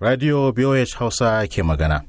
Radio BOH Hausa ke magana.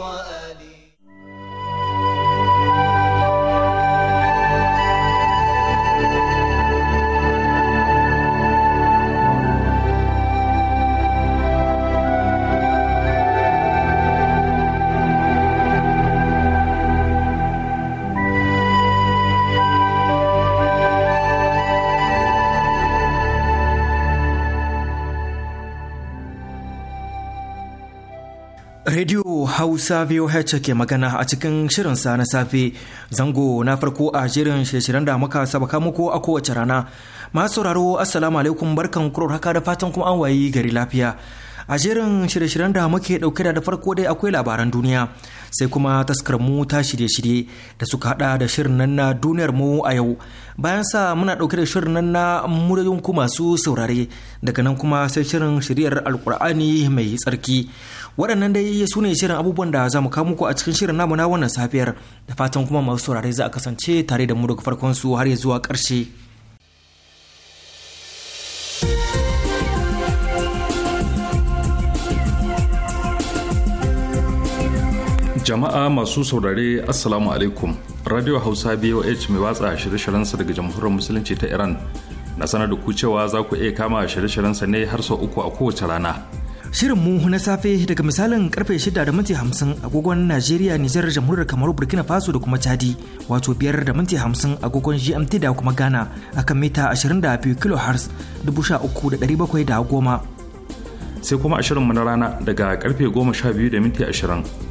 Radio Hausa VOH ke magana a cikin shirin sa na safe zango na farko a shirin shirin da muka sabaka muku a kowace rana. Masu sauraro Assalamu alaikum barkan kuro haka da fatan kuma an wayi gari lafiya. a jerin shirye-shiryen da muke dauke da farko dai akwai labaran duniya sai kuma taskar mu ta shirye-shirye da suka hada da shirin nan na duniyar mu a yau bayan sa muna dauke da shirin nan na muryoyin ku masu saurare daga nan kuma sai shirin shiryar alkur'ani mai tsarki waɗannan dai su ne shirin abubuwan da za mu kawo muku a cikin shirin namu na wannan safiyar da fatan kuma masu saurare za a kasance tare da mu daga farkon su har ya zuwa ƙarshe jama'a masu saurare assalamu alaikum radio hausa boh mai watsa shirye sa daga jamhuriyar musulunci ta iran na sanar da ku cewa za ku iya kama shirye sa ne har sau uku a kowace rana Shirinmu na safe daga misalin karfe 6 da minti 50 agogon Najeriya, Nijar, Jamhuriyar Kamaru, Burkina Faso da kuma Chadi, wato biyar da minti 50 agogon GMT da kuma Ghana akan mita 22 kHz 13,710. Sai kuma a shirinmu na rana daga karfe 12 da minti ashirin.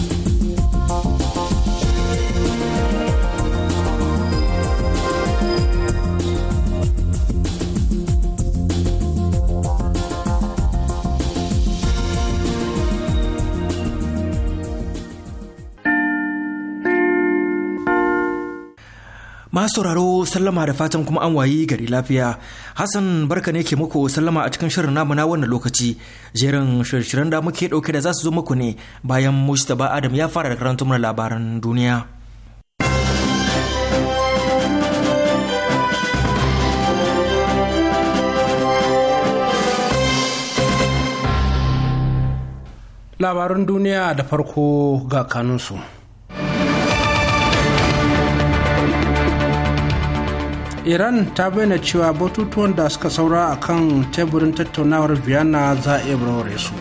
Masu sauraro sallama da fatan kuma an wayi gari lafiya. Hassan barka ne ke muku sallama a cikin shirin namu na wannan lokaci. Jerin shirin da muke dauke da za su zo muku ne bayan Mustapha Adam ya fara da karanta mana labaran duniya. Labaran duniya da farko ga kanunsu. iran ta bayyana cewa batutuwan da suka saura a kan teburin tattaunawar vienna za a iya su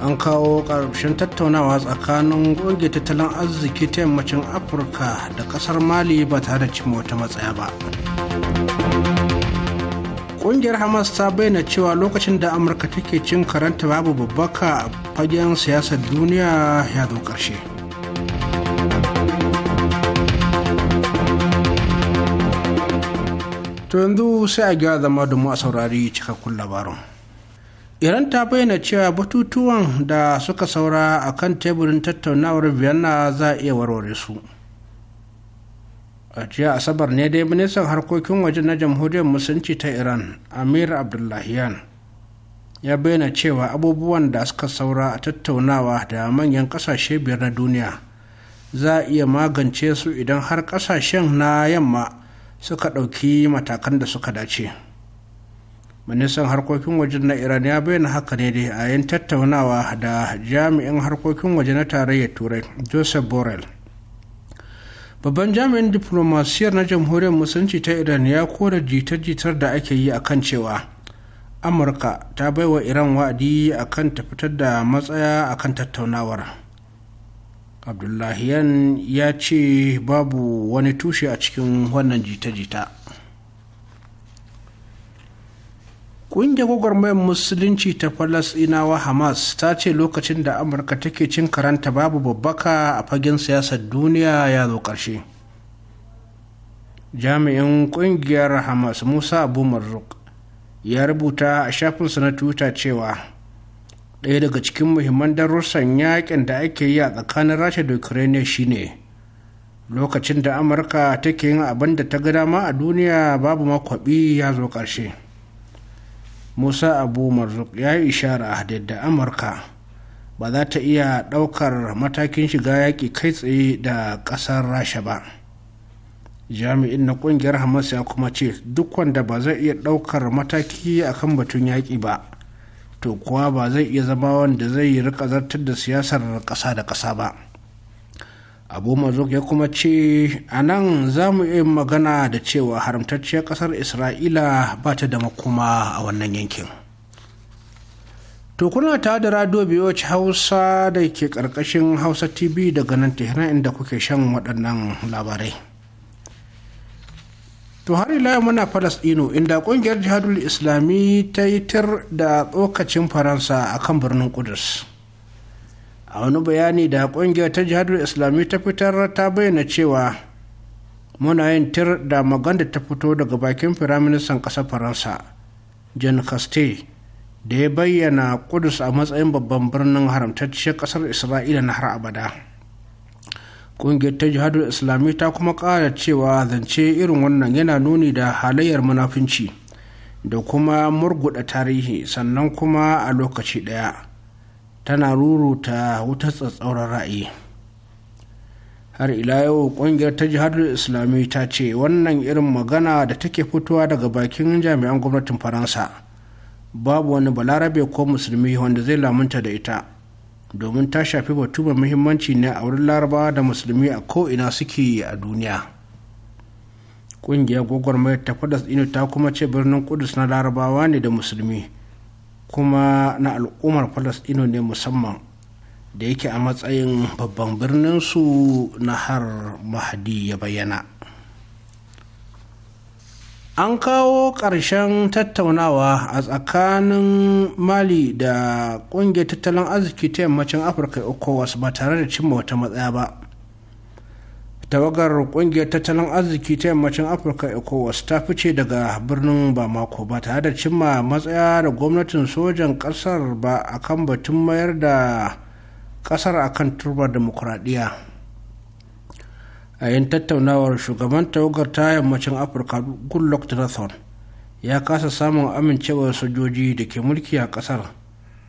an kawo ƙarshen tattaunawa tsakanin goge tattalin arziki ta yammacin afirka da ƙasar mali ba tare da cimma wata matsaya ba ƙungiyar hamas ta bayyana cewa lokacin da amurka take cin karanta babu babbaka a fagen siyasar duniya ya zo ƙarshe. to yanzu sai a gyara zama da mu a saurari cikakkun labarin iran ta bayyana cewa batutuwan da suka saura a kan teburin tattaunawar vienna za a iya warware su a jiya asabar ne dai ministan harkokin waje na jamhuriyar musulunci ta iran amir abdullahiyan ya bayyana cewa abubuwan da suka saura a tattaunawa da manyan ƙasashe biyar na duniya za a iya magance su idan har ƙasashen na yamma suka ɗauki matakan da suka dace ministan harkokin waje na iran ya bayyana haka ne dai a yin tattaunawa da jami'in harkokin waje na tarayyar turai joseph borrell babban jami'in diplomasiyar na jamhuriyar musulunci ta iran ya kora jitar-jitar da ake yi a kan cewa amurka ta baiwa iran wa'adi akan ta fitar da matsaya akan tattaunawar abdullahiyan ya ce babu wani tushe a cikin wannan jita-jita ƙungiyar gwagwarmayar musulunci ta falasinawa hamas ta ce lokacin da amurka take cin karanta babu babbaka a fagen siyasar duniya ya zo ƙarshe jami'in ƙungiyar hamas musa abu marzuk ya rubuta a shafinsa na twitter cewa ɗaya daga cikin muhimman darussan yakin da ake yi a tsakanin rasha da ukraine shine lokacin da amurka take yin abin da ta ga dama a duniya babu makwabi ya zo ƙarshe musa abu marzuk ya yi ishara da amurka ba za ta iya ɗaukar matakin shiga yaƙi kai tsaye da ƙasar rasha ba jami'in na ƙungiyar hamas ya kuma ce duk wanda ba zai iya ɗaukar mataki akan batun yaƙi ba to kuwa ba zai iya zama wanda zai rika zartar da siyasar ƙasa da ƙasa ba abu mazuk ya kuma ce a nan za mu yi magana da cewa haramtacciyar ƙasar isra'ila ba ta da makoma a wannan yankin to kuna ta da radio biyoci hausa da ke ƙarƙashin hausa tv daga nan tehran inda kuke shan waɗannan labarai to har ila muna dino inda ƙungiyar jihadul islami ta yi tir da tsokacin faransa a kan birnin kudus a wani bayani da ƙungiyar ta jihadul islami ta fitar ta bayyana cewa muna yin tir da maganda ta fito daga bakin firaministan ƙasar faransa jan kaste da ya bayyana kudus a matsayin babban birnin haramtacciyar ƙasar isra'ila na har abada ƙungiyar ta jihadar islami ta kuma ƙara cewa zance irin wannan yana nuni da halayyar munafunci da kuma murguɗa tarihi sannan kuma a lokaci ɗaya tana ruruta wutar tsatsauran ra'ayi har ila yau ƙungiyar ta jihadar islami ta ce wannan irin magana da take fitowa daga bakin jami'an gwamnatin faransa babu wani balarabe ko musulmi wanda zai lamunta da ita domin ta shafi batu mai muhimmanci ne a wurin larabawa da musulmi a ko'ina suke a duniya ƙungiyar mai ta falasɗinu ta kuma ce birnin kudus na larabawa ne da musulmi kuma na al'ummar falasɗinu ne musamman da yake a matsayin babban birnin su na har mahadi ya bayyana an kawo ƙarshen tattaunawa a tsakanin mali da ƙungiyar tattalin arziki ta yammacin afirka ecowas ba tare da cimma wata matsaya ba tawagar ƙungiyar tattalin arziki ta yammacin afirka ecowas ta fice daga birnin bamako ba tare da cimma matsaya da gwamnatin sojan ƙasar ba akan batun mayar da ƙasar akan turbar demokuraɗiyya a yin tattaunawar shugaban tawagar ta yammacin afirka goodluck jonathan ya kasa samun amincewar sojoji da ke mulki a kasar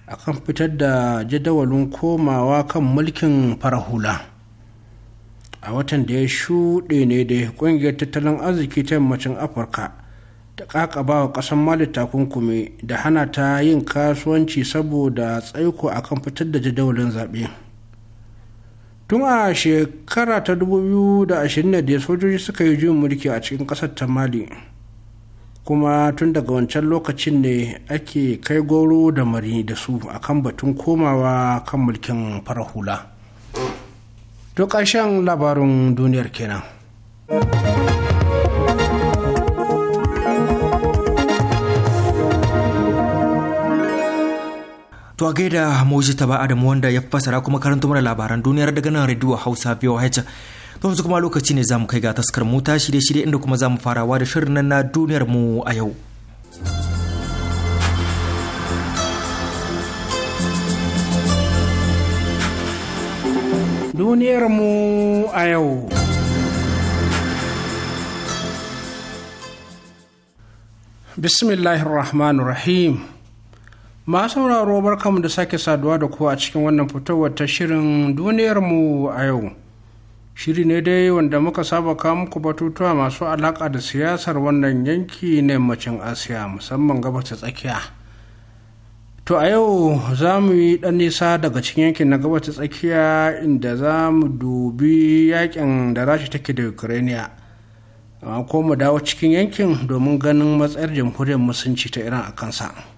akan fitar da jadawalin komawa kan mulkin farahula, a watan da ya shuɗe ne da ƙungiyar tattalin arziki ta yammacin afirka ta ƙaƙaba wa ƙasar mali takunkumi da hana ta yin kasuwanci saboda tsaiko akan fitar da jadawalin zaɓe. tun a shekara ta 2020 sojoji suka yi juyin mulki a cikin kasar ta mali kuma tun daga wancan lokacin ne ake kai goro da mari da su akan batun komawa kan mulkin farahula hula ƙarshen labarin duniyar kenan. To a gaida Moji ta ba Adamu wanda ya fasara kuma karanta mana labaran duniyar daga nan Radio Hausa VOH. To yanzu kuma lokaci ne zamu kai ga taskar mu ta shirye-shirye inda kuma zamu farawa da shirin nan na duniyar mu a yau. Duniyar mu a yau. Bismillahirrahmanirrahim. ma sauraro barkamu da sake saduwa da ku a cikin wannan fitowar ta shirin duniyarmu a yau shiri ne dai wanda muka saba kawo muku batutuwa masu alaka da siyasar wannan yanki na yammacin asiya musamman gabas ta tsakiya to a yau za mu yi ɗan nisa daga cikin yankin na gabas ta tsakiya inda za mu dubi yakin da rashi take da ukraine ko mu dawo cikin yankin domin ganin matsayar jamhuriyar musulunci ta iran a kansa.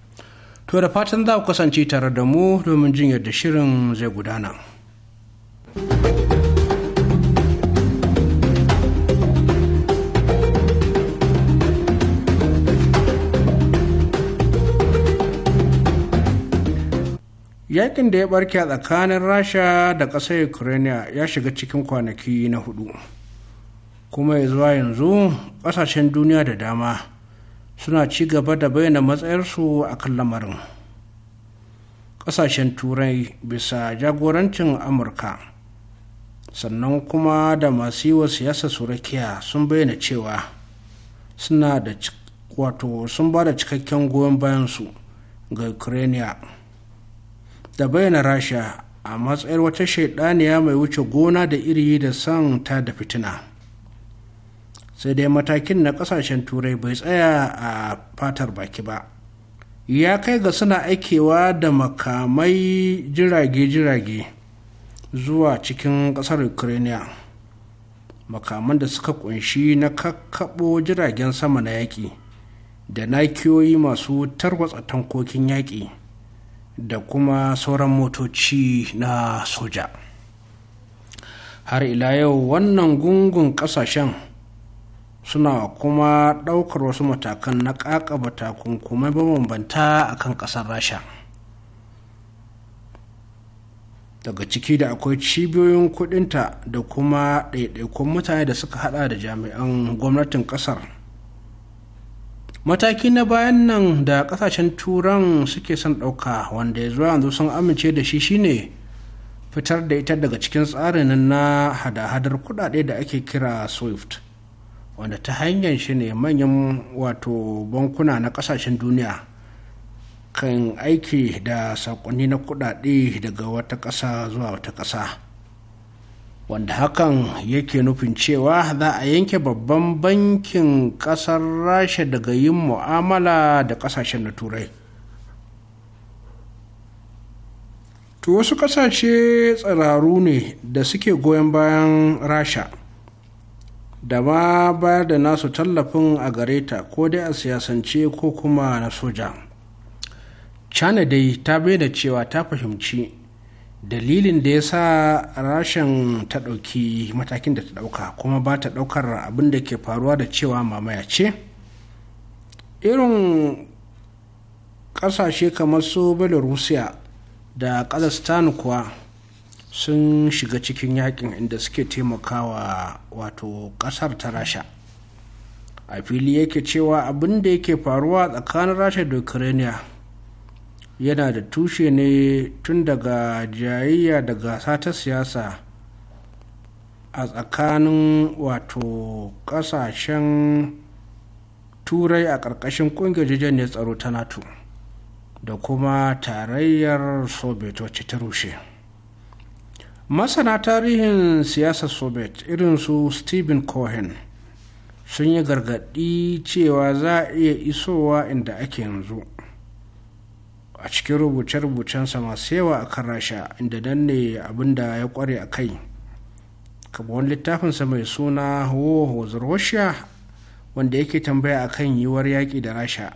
To da fatan za ku kasance tare da mu domin jin yadda shirin zai gudana. Yakin da ya barke a tsakanin Rasha da ƙasar Ukraine ya shiga cikin kwanaki na hudu. Kuma ya zuwa yanzu ƙasashen duniya da dama suna ci gaba da bayyana matsayarsu a kan lamarin ƙasashen turai bisa jagorancin amurka sannan kuma da masu yi wa siyasa surakiya sun bayyana cewa suna da wato sun ba da cikakken goyon bayansu ga Ukraina. da bayyana rasha a matsayar wata shaidaniya mai wuce gona da iri da son ta da fitina sai dai matakin na kasashen turai bai tsaya a fatar baki ba ya kai ga suna aikewa da makamai jirage-jirage zuwa cikin kasar ukraine makaman da suka kunshi na kakkaɓo jiragen sama na yaƙi da nakiyoyi masu tarwatsa tankokin yaƙi da kuma sauran motoci na soja har ila yau wannan gungun ƙasashen suna kuma ɗaukar wasu matakan na ƙaƙaba takunkumai mabambanta a kan ƙasar rasha daga ciki da akwai cibiyoyin kudinta da kuma ɗaiɗaikun mutane da suka hada da jami'an gwamnatin ƙasar mataki na bayan nan da ƙasashen turan suke son ɗauka wanda ya zuwa yanzu sun amince da shi shine fitar da ita daga cikin tsarin na hada-hadar kuɗaɗe da ake kira swift wanda ta hanyar shi ne manyan wato bankuna na kasashen duniya kan aiki da saƙonni na kudade daga wata ƙasa zuwa wata ƙasa wanda hakan yake nufin cewa za a yanke babban bankin ƙasar rasha daga yin mu'amala da ƙasashen na turai to wasu ƙasashe tsiraru ne da suke goyon bayan rasha da ma bayar da nasu tallafin a gare ta ko dai a siyasance ko kuma na soja china dai ta bayyana cewa ta fahimci dalilin da ya sa rashin ta ɗauki matakin da ta ɗauka kuma ba ta ɗaukar abin da ke faruwa da cewa mamaya ce irin ƙasashe kamar su belarusiya da kazakhstan kuwa sun shiga cikin yakin inda suke taimakawa wato kasar ta rasha a fili yake cewa abin da yake faruwa tsakanin rasha da ukraine yana da tushe ne tun daga jayayya da gasa ta siyasa a tsakanin wato kasashen turai a ƙarƙashin ƙungiyar jijiyar tsaro ta nato da kuma tarayyar sobeto ta rushe masana tarihin siyasar soviet irin su stephen cohen sun yi gargaɗi cewa za a iya isowa inda ake yanzu a cikin rubuce-rubucensa masu yawa a kan rasha inda nan ne abin da ya kware a kai wani littafinsa mai suna war russia wanda yake tambaya a kan yiwuwar yaƙi da rasha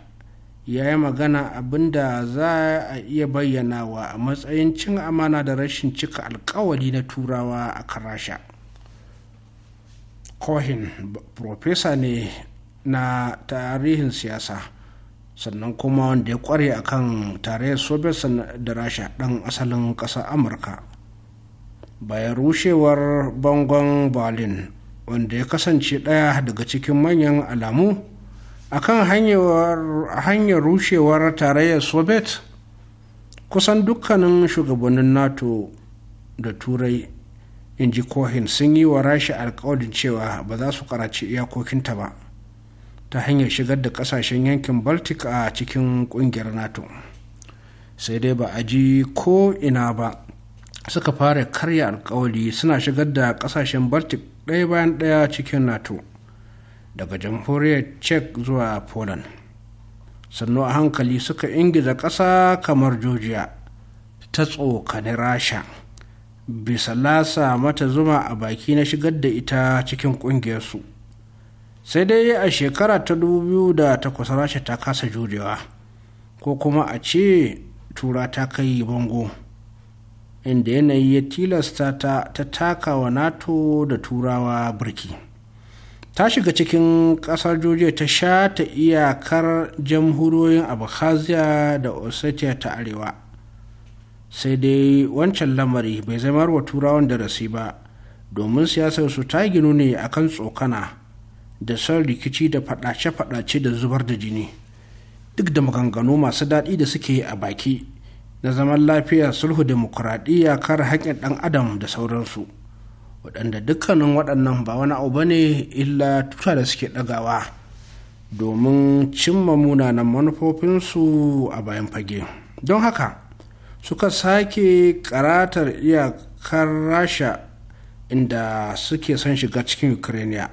ya yi magana abin da za a iya bayyanawa a matsayin cin amana da rashin cika alkawali na turawa a karasha cohen profesa ne na tarihin siyasa sannan kuma wanda ya kware a kan tarayyar soviet da rasha ɗan asalin ƙasar amurka bayan rushewar bangon berlin wanda ya kasance ɗaya daga cikin manyan alamu a kan hanyar rushewar tarayyar soviet kusan dukkanin shugabannin nato da turai in ji cohen sun yi wa rashi alkawarin cewa ba za su karaci iyakokinta ba ta hanyar shigar da kasashen yankin baltic a cikin kungiyar nato sai dai ba a ji ko ina ba suka fara karya alkawari suna shigar da kasashen baltic ɗaya bayan ɗaya cikin nato daga jamhuriyar czech zuwa poland sannu a hankali suka ingiza ƙasa kamar georgia ta tsokani rasha bisa lasa mata zuma a baki na shigar da ita cikin ƙungiyarsu sai dai a shekara ta 2008 rasha ta kasa jurewa ko kuma a ce tura ta kai bango inda yanayi ya tilasta ta taka wa nato da turawa birki. ta shiga cikin kasar georgia ta sha ta iyakar jamhuriyoyin abkhazia da ossetia ta arewa sai dai wancan lamari bai zama wa turawan darasi ba domin siyasar su ta ginu ne akan tsokana da son rikici da fadace-fadace da zubar da jini duk da maganganu masu daɗi da suke a baki na zaman lafiya sulhu demokuraɗiyya kare haƙƙin ɗan adam da sauransu. waɗanda dukkanin waɗannan ba wani abu ne illa tuta da suke ɗagawa domin cimma munanan manufofinsu a bayan fage don haka suka sake karatar iyakar rasha inda suke son shiga cikin ukraine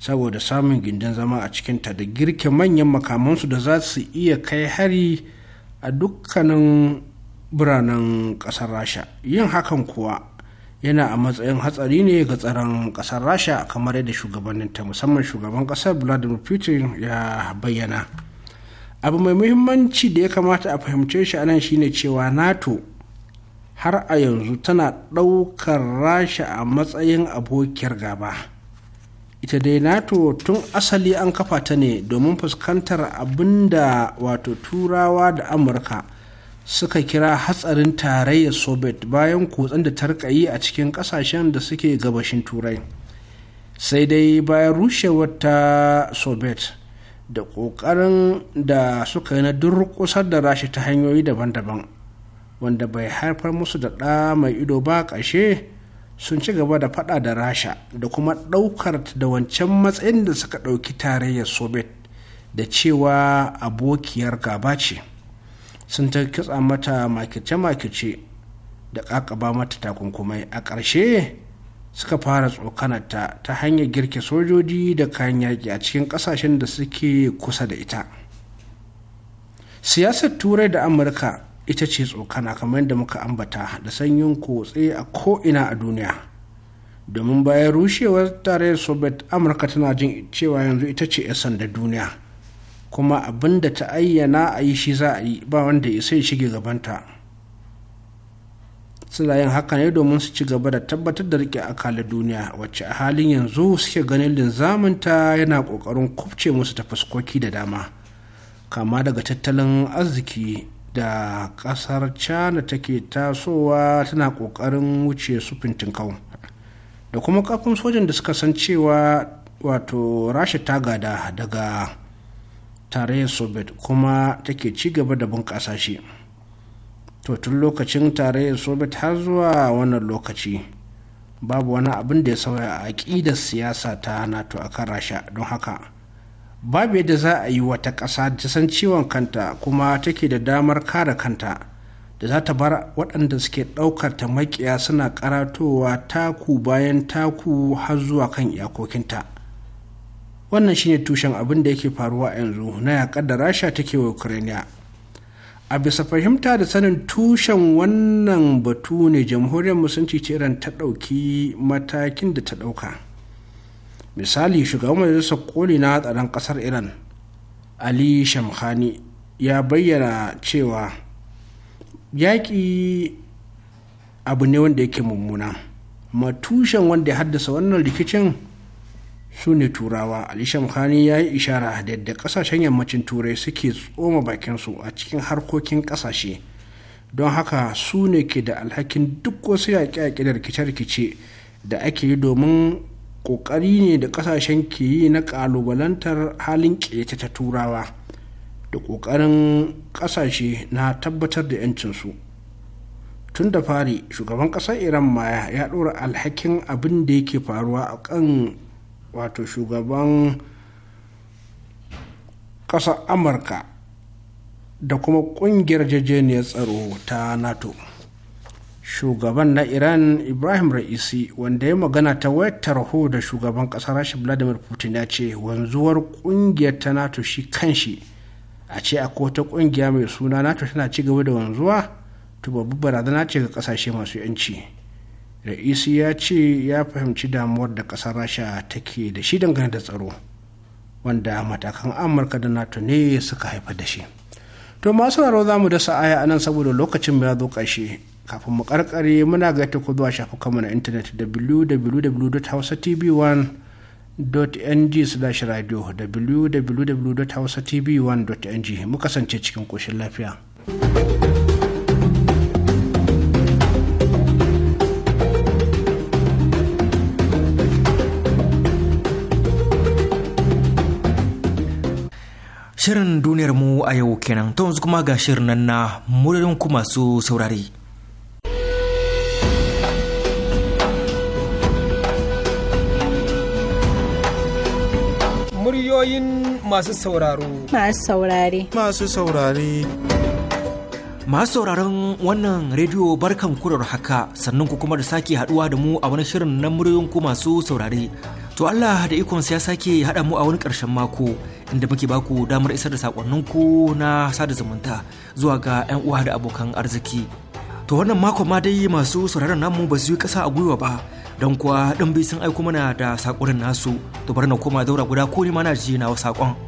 saboda samun gindin zama a cikinta da girke manyan makamansu da za su iya kai hari a dukkanin biranen ƙasar rasha yin hakan kuwa yana a matsayin hatsari ne ga tsaron kasar rasha kamar yadda ta musamman shugaban kasar vladimir putin ya bayyana abu mai muhimmanci da ya kamata a fahimce shi anan shine cewa nato har a yanzu tana ɗaukar rasha a matsayin abokiyar gaba ita dai nato tun asali an kafa ta ne domin fuskantar abin da wato turawa da amurka suka kira hatsarin tarayyar soviet bayan kutsen da tarkayi a cikin kasashen da suke gabashin turai sai dai bayan rushewar ta soviet da ƙoƙarin da suka yi na durƙusar da rashi ta hanyoyi daban-daban wanda bai haifar musu da ɗa mai ido ba ƙashe sun ci gaba da faɗa da rasha da kuma ɗaukar da wancan matsayin da suka ɗauki tarayyar soviet da cewa abokiyar gaba ce. sun ta kitsa mata makice-makice da ƙaƙaba mata takunkumai a ƙarshe suka fara tsokanarta ta hanyar girke sojoji da kayan yaki a cikin ƙasashen da suke kusa da ita siyasar turai da amurka ita ce tsokana kamar da muka ambata da sanyin kotse a ko'ina a duniya domin bayan rushewar tarayyar soviet amurka tana jin cewa yanzu ita ce 'yan sanda duniya kuma abin da ta ayyana a yi shi za a yi ba wanda ya sai shige gabanta suna yin haka ne domin su ci gaba da tabbatar da rike akalar duniya wacce a halin yanzu suke ganin linzaminta yana ƙoƙarin kufce musu ta fuskoki da dama kama daga tattalin arziki da ƙasar china take tasowa tana ƙoƙarin wuce su fintinkau da kuma kafin sojan da suka san cewa wato rasha ta gada daga tarayyar soviet kuma take ci gaba da bunƙasa shi to tun lokacin tarayyar soviet har zuwa wannan lokaci babu wani abin da ya sauya a aƙidar siyasa ta nato a kan rasha don haka babu yadda za a yi wata ƙasa ta san ciwon kanta kuma take da damar kare kanta da za ta bar waɗanda suke ɗaukar ta maƙiya suna karatowa taku bayan taku har zuwa kan iyakokinta wannan shine tushen abin da yake faruwa a yanzu na yakar da rasha take wa ukraine a bisa fahimta da sanin tushen wannan batu ne jamhuriyar musulunci ce iran ta ɗauki matakin da ta ɗauka misali shugaban majalisa koli na tsaron ƙasar iran ali shamkhani ya bayyana cewa yaƙi abu ne wanda yake mummuna matushen wanda ya haddasa wannan rikicin su ne turawa ali muhani ya yi ishara da yadda kasashen yammacin turai suke tsoma bakinsu a cikin harkokin kasashe don haka su ne ke da alhakin duk wasu yaƙi da rikice-rikice da ake yi domin ƙoƙari ne da kasashen ke yi na ƙalubalantar halin ƙeta ta turawa da ƙoƙarin ƙasashe na tabbatar da 'yancinsu tun da fari shugaban ƙasar iran maya ya ɗora alhakin abin da yake faruwa a kan wato shugaban ƙasar amurka da kuma ƙungiyar jejeniyar tsaro ta nato shugaban na iran ibrahim ra'isi wanda ya magana ta wayar tarho da shugaban ƙasar rashi vladimir putin ya ce wanzuwar ƙungiyar ta nato shi kanshi a ce akwai wata ƙungiya mai suna nato tana ci gaba da wanzuwa to babu barazana ce ga ƙasashe masu 'yanci. ra'isi ya ce ya fahimci damuwar da ƙasar rasha take da shi dangane da tsaro wanda matakan amurka da nato ne suka haifar da shi to masu raro za mu dasa aya anan saboda lokacin ya zo ƙarshe kafin mu karkare muna ga ta zuwa shafukanmu na intanet www.hausatv1.ng slash radio www.hausatv1.ng mu kasance cikin ƙoshin lafiya. Shirin duniyar mu a yau kenan ta yanzu kuma ga shirin nan na muririn ku masu saurare. Muryoyin masu sauraro. Masu saurare. Masu saurare. Masu sauraron wannan rediyo barkan kurar haka sannan ku kuma da sake haduwa da mu a wani shirin na muryoyin ku masu saurare. To Allah da ikon ya sake haɗa mu a wani ƙarshen mako inda muke baku damar isar da sakonninku na sada zumunta zuwa ga 'yan uwa da abokan arziki. To wannan mako ma dai masu sauraron namu ba su yi ƙasa a gwiwa ba don kuwa ɗan sun aiko mana da saƙonin nasu to bari na koma daura guda ko ni ma na ji na saƙon.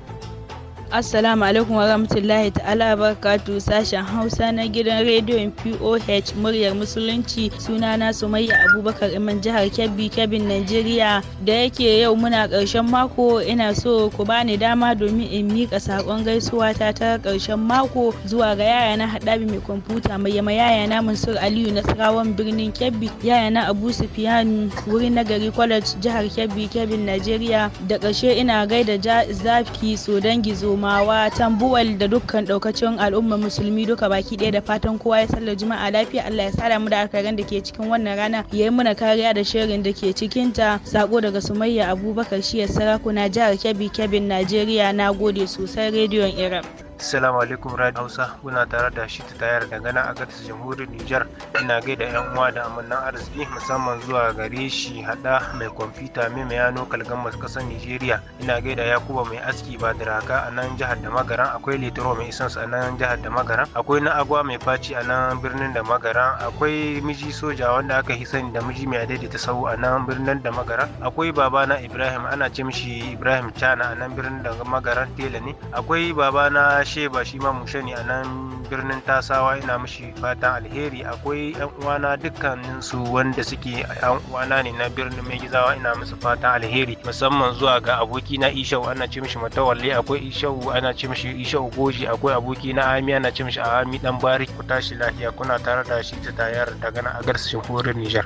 Assalamu alaikum wa rahmatullahi ta'ala barakatu sashen Hausa na gidan rediyon POH muryar musulunci sunana Sumayya Abubakar Iman jihar Kebbi Kebbin Najeriya da yake yau muna ƙarshen mako ina so ku bani dama domin in mika sakon gaisuwa ta ta ƙarshen mako zuwa ga yaya na Hadabi mai kwamfuta mai yama yaya na Mansur Aliyu na Sarawan birnin Kebbi yaya na Abu wuri wurin nagari college jihar Kebbi Kebbin Najeriya da ƙarshe ina gaida zafi so dangi zo gudumawa tambuwal da dukkan daukacin al'ummar musulmi duka baki ɗaya da fatan kowa ya sallar juma'a lafiya Allah ya sada mu da alkhairan da ke cikin wannan rana ya yi muna kariya da shirin da ke cikin ta sako daga Sumayya Abubakar shi shiyar sarakuna jihar Kebbi Kebbin Najeriya nagode sosai rediyon Iran. Assalamu alaikum Radio Hausa muna tare da shi ta tayar da gana a gadis jamhuriyar Nijar ina gaida yan uwa da amannan arziki musamman zuwa gare shi hada mai kwamfuta mai mayano kalgamas kasar Nijeriya ina gaida Yakuba mai aski ba da raka a nan jihar da magaran akwai Litoro mai isansu a nan jihar da magaran akwai na agwa mai faci a nan birnin da magaran akwai miji soja wanda aka hi sani da miji mai adaidaita sau a nan birnin da magaran akwai babana Ibrahim ana ce mishi Ibrahim Chana a nan birnin da magaran tela ne akwai babana ba shi ma mu ne a nan birnin tasawa ina mishi fatan alheri akwai yan uwana dukkanin su wanda suke yan uwana ne na birnin mai ina musu fatan alheri musamman zuwa ga aboki na ishau ana ce mishi matawalle akwai ishau ana ce mishi ishau goji akwai aboki na ami ana ce mishi ami dan bari ku tashi lafiya kuna tare da shi ta tayar daga na agar shahurin nijar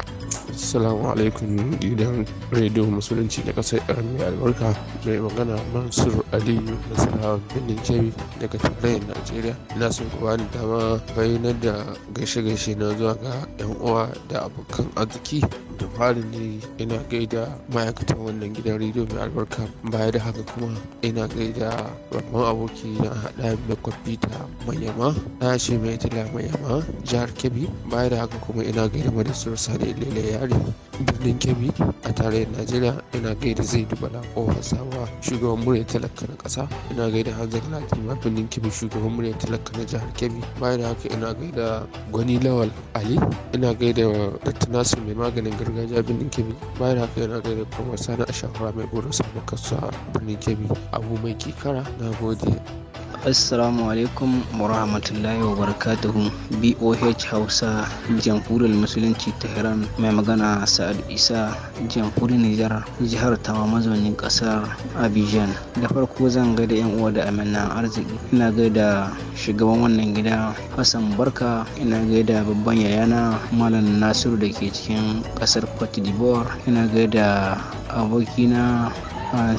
assalamu alaikum gidan rediyo musulunci na kasar armi mai albarka mai magana mansur aliyu nasarawa birnin jami daga tarayyar najeriya ina son kuwa bani dama bayyana da gaishe-gaishe na zuwa ga 'yan uwa da abokan arziki da fari ne ina gaida ma'aikatan wannan gidan rediyo mai albarka baya da haka kuma ina gaida babban aboki na haɗa da kwamfuta mayama na shi mai tila mayama jihar kebbi baya da haka kuma ina gaida madasar sani ilele yari birnin kebbi a tarayyar najeriya ina gaida zai dubala kofar sawa shugaban murya talaka na ƙasa ina gaida hanzar ma birnin kebbi shugaban murya talaka na jihar kebbi baya da haka ina gaida gwani lawal ali ina gaida dattinasi mai maganin gargajiya birnin kebbi bayan haka yana da da kuma sani a shahara mai burin samun kasuwa birnin kebbi abu mai kikara na gode Assalamu alaikum wa rahmatullahi wa barakatuhu BOH Hausa Jamhuriyar Musulunci Tehran mai magana Sa'ad Isa Jamhuriyar Nijar jihar Tawa mazaunin kasar Abidjan da farko zan ga da yan uwa da amina arziki ina gaida shugaban wannan gida Hassan Barka ina gaida babban yayana Malam Nasiru da ke cikin kasar kasar cote d'ivoire ina gaida abokina a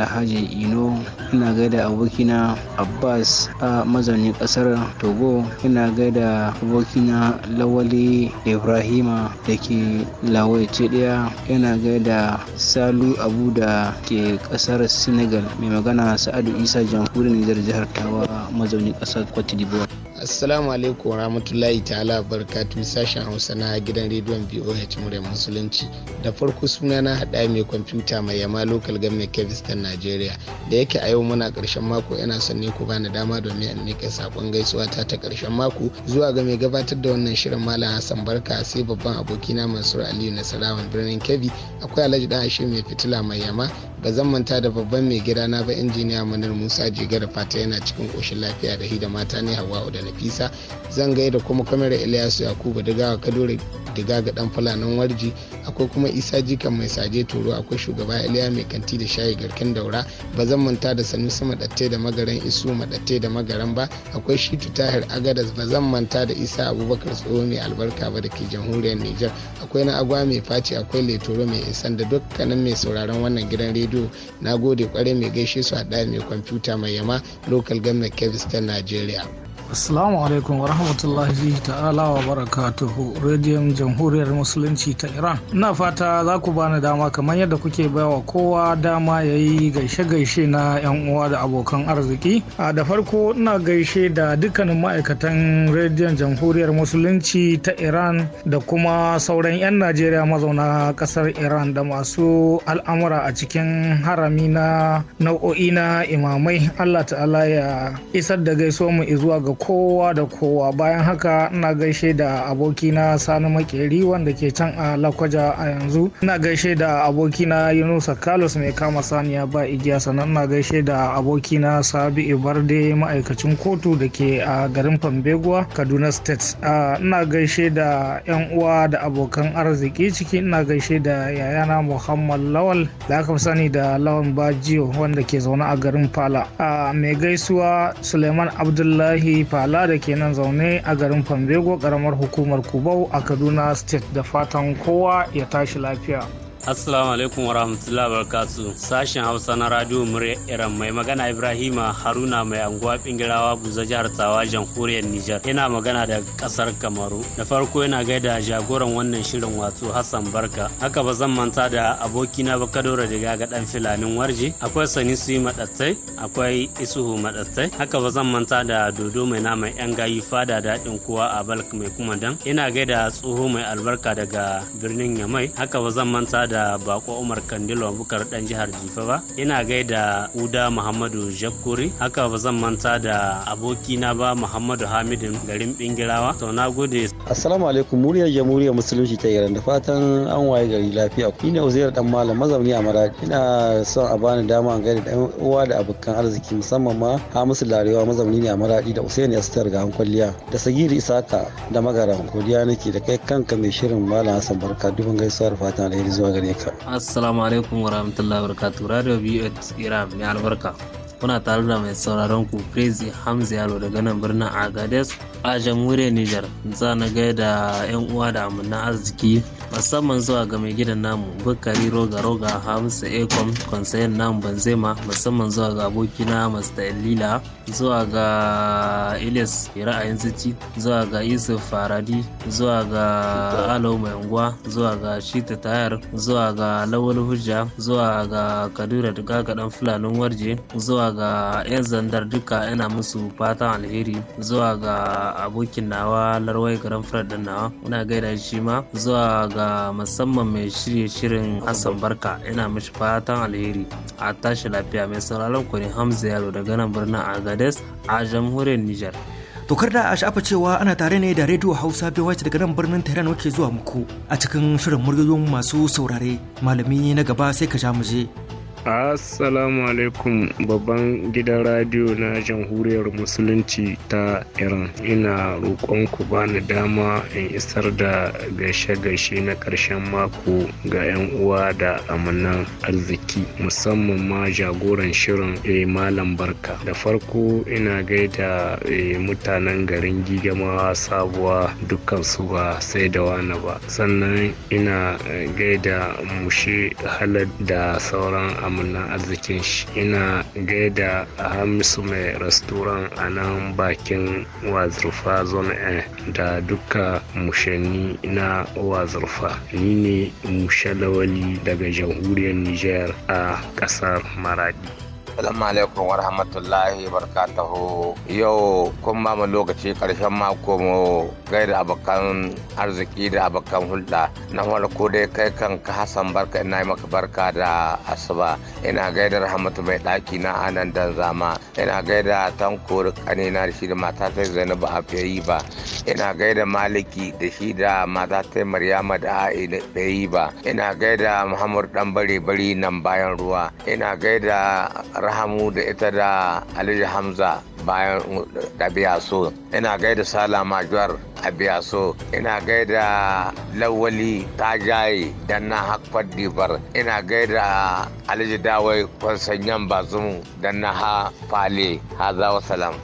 alhaji ino ina gaida abokina abbas a mazaunin ƙasar togo ina gaida abokina lawali ibrahima da ke lawai ɗaya ina gaida salu abu da ke kasar senegal mai magana sa'adu isa jamhuriyar nijar jihar tawa mazaunin kasar cote d'ivoire assalamu alaikum rahmatullahi ta'ala barkatu sashen hausa na gidan rediyon boh murya musulunci da farko suna na hada mai kwamfuta mai yama local government kevistan nigeria da yake a yau muna karshen mako yana son ne ku bani dama domin in nika sakon gaisuwa ta ta karshen mako zuwa ga mai gabatar da wannan shirin malam hassan barka sai babban abokina mansur aliyu nasarawan birnin kebbi akwai alhaji dan ashe mai fitila mai yama ba zan manta da babban mai gida na ba injiniya manar musa jigara fata yana cikin koshin lafiya da hida mata ne hawa'u da nafisa zan gaida kuma kwamira ilyasu yakubu digawa kadore diga ga dan fulanin warji akwai kuma isa jikan mai saje toro akwai shugaba iliya mai kanti da shayi garkin daura ba zan manta da sanusi madatte da magaran isu madatte da magaran ba akwai shitu tahir agadas ba zan manta da isa abubakar tsoho mai albarka ba da ke jamhuriyar niger akwai na agwa mai faci akwai leturo mai isan da dukkanin mai sauraron wannan gidan rediyo rediyo na gode kwarai mai gaishe su haɗa mai kwamfuta mai yama local government kebis ta nigeria Assalamu alaikum wa rahmatullahi ta'ala wa barakatuhu rediyon jamhuriyar musulunci ta Iran. Ina fata za ku bani dama kamar yadda kuke bawa kowa dama ya yi gaishe-gaishe na 'yan uwa da abokan arziki. A da farko ina gaishe da dukkanin ma'aikatan rediyon jamhuriyar musulunci ta Iran da kuma sauran 'yan Najeriya mazauna kasar Iran da masu al'amura a cikin harami na nau'o'i na imamai. Allah ta'ala ya isar da gaisuwa mu izuwa ga kowa da kowa bayan haka ina gaishe da abokina sani makeri wanda ke can a lakwaja a yanzu ina gaishe da abokina yunusa carlos mai kama saniya ba igiya sannan ina gaishe da abokina sabi ibarde ma'aikacin kotu da ke a garin fambeguwa kaduna state ina gaishe da yan uwa da abokan arziki ciki ina gaishe da yayana muhammad lawal da aka sani da lawan bajiyo wanda ke zaune a garin fala mai gaisuwa suleiman abdullahi fala da ke nan zaune a garin Fambego karamar hukumar Kubau a Kaduna State da fatan kowa ya tashi lafiya. Assalamu alaikum warahmatullahi wabarakatuh. Sashen Hausa na Radio Murya Iran mai magana Ibrahima Haruna mai anguwa Bingirawa Buza jihar Tawa jamhuriyar Nijar. Ina magana da kasar Kamaru. Da farko yana gaida jagoran wannan shirin wato Hassan Barka. Haka ba zan manta da abokina ba kadora daga ga dan filanin Warje. Akwai Sanusi Madattai, akwai Isuhu Madattai. Haka ba zan manta da Dodo mai naman yan gayi fada daɗin kowa a Balk mai kuma dan. Ina gaida tsoho mai albarka daga birnin Yamai. Haka ba zan manta da da bako umar kandilo bukar dan jihar jifa ba ina gaida uda muhammadu jakuri haka ba zan manta da abokina ba muhammadu hamidin garin bingirawa to na gode assalamu alaikum muryar jamhuriyar musulunci ta iran da fatan an waye gari lafiya ku ne uzair dan malam mazauni a maradi ina son a bani dama an gaida dan uwa da abokan arziki musamman ma hamisu larewa mazauni ne a maradi da usain yastar ga kwalliya da sagiri isaka da magara godiya nake da kai kanka mai shirin malam hassan barka dubin gaisuwar fatan alheri zuwa gari gare ka assalamu alaikum wa barakatu. radio biyu iran mai albarka kuna tare da mai sauraron ku crazy hamza yalo daga nan birnin agades a jamhuriyar nijar za na gaida yan uwa da amina arziki musamman zuwa ga mai gidan namu bukari roga roga hamsa ecom konsayen namu banzema musamman zuwa ga abokina mr lila zuwa ga Ilyas ra'ayin zici zuwa ga Yusuf Faradi zuwa ga Alo mai unguwa zuwa ga Shita Tayar zuwa ga Lawal Hujja zuwa ga Kadura Duka dan Fulanin Warje zuwa ga 'yan zandar duka yana musu fatan alheri zuwa ga abokin nawa Larwai Garan Fred din nawa ina gaida shi ma zuwa ga musamman mai shirye shirin Hassan Barka yana mishi fatan alheri a tashi lafiya mai sauraron ku ne Hamza Yaro daga nan birnin Aga Agadez a jamhuriyar Nijar. To da a sha'afa cewa ana tare ne da Radio Hausa wace daga nan birnin Tehran wake zuwa muku a cikin shirin muryoyin masu saurare malami na gaba sai ka ja mu je. Assalamu alaikum babban gidan radio na jamhuriyar musulunci ta Iran. Ina roƙon ku bani dama in isar da gaishe-gaishe na ƙarshen mako ga 'yan uwa da amanan arziki musamman ma jagoran shirin e malam barka. Da farko ina gaida eh, mutanen garin gigamawa sabuwa dukkan su ba sai da wani ba. Sannan ina eh, gaida mushe halar da sauran mullan arzikin shi ina gaida a hamisu mai rastoran a nan bakin wazirfa zone a da duka mushanni na wazirfa ni ne mushalawali daga jamhuriyar niger a kasar maradi Assalamu alaikum wa rahmatullahi barakatuhu. Yau kun ba mu lokaci karshen mako mu gaida abokan arziki da abokan hulɗa. Na farko dai kai kanka Hassan barka ina yi maka barka da asuba. Ina gaida Rahmatu mai ɗaki na anan dan zama. Ina gaida Tanko da kanina da shi da mata ta Zainabu a ba. Ina gaida Maliki da shi da mata ta Maryama da A'i ba. Ina gaida Muhammadu dan bare bari nan bayan ruwa. Ina gaida rahamu da ita da aliyu hamza bayan da biyaso ina gaida sala majuwar a biyaso ina gaida lawali tajaye da na hakfar dibar ina gaida aliyu dawai kwansanyan bazumu da na ha fale hazawa salam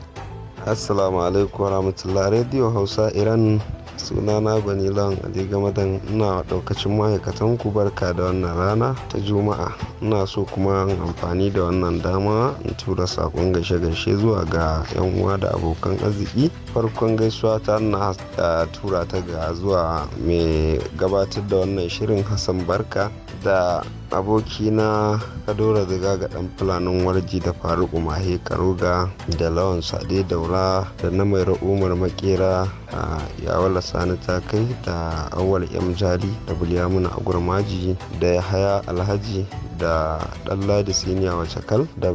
assalamu alaikum rahmatullahi radio hausa iran sunana gwani lawan ali gamadan ina daukacin ma'aikatan ku barka da wannan rana ta juma'a ina so kuma amfani da wannan dama in tura sakon gaishe-gaishe zuwa ga yan uwa da abokan arziki farkon gaisuwa ta na tura ta ga zuwa mai gabatar da wannan shirin hassan barka da abokina kadora daga ga dan fulanin warji da faruku mahe karuga da lawan sade daura da na mai umar makera ya wala sani takai da awal m jali da bulyamuna gurmaji da ya haya alhaji da ɗanladi siniya cakal da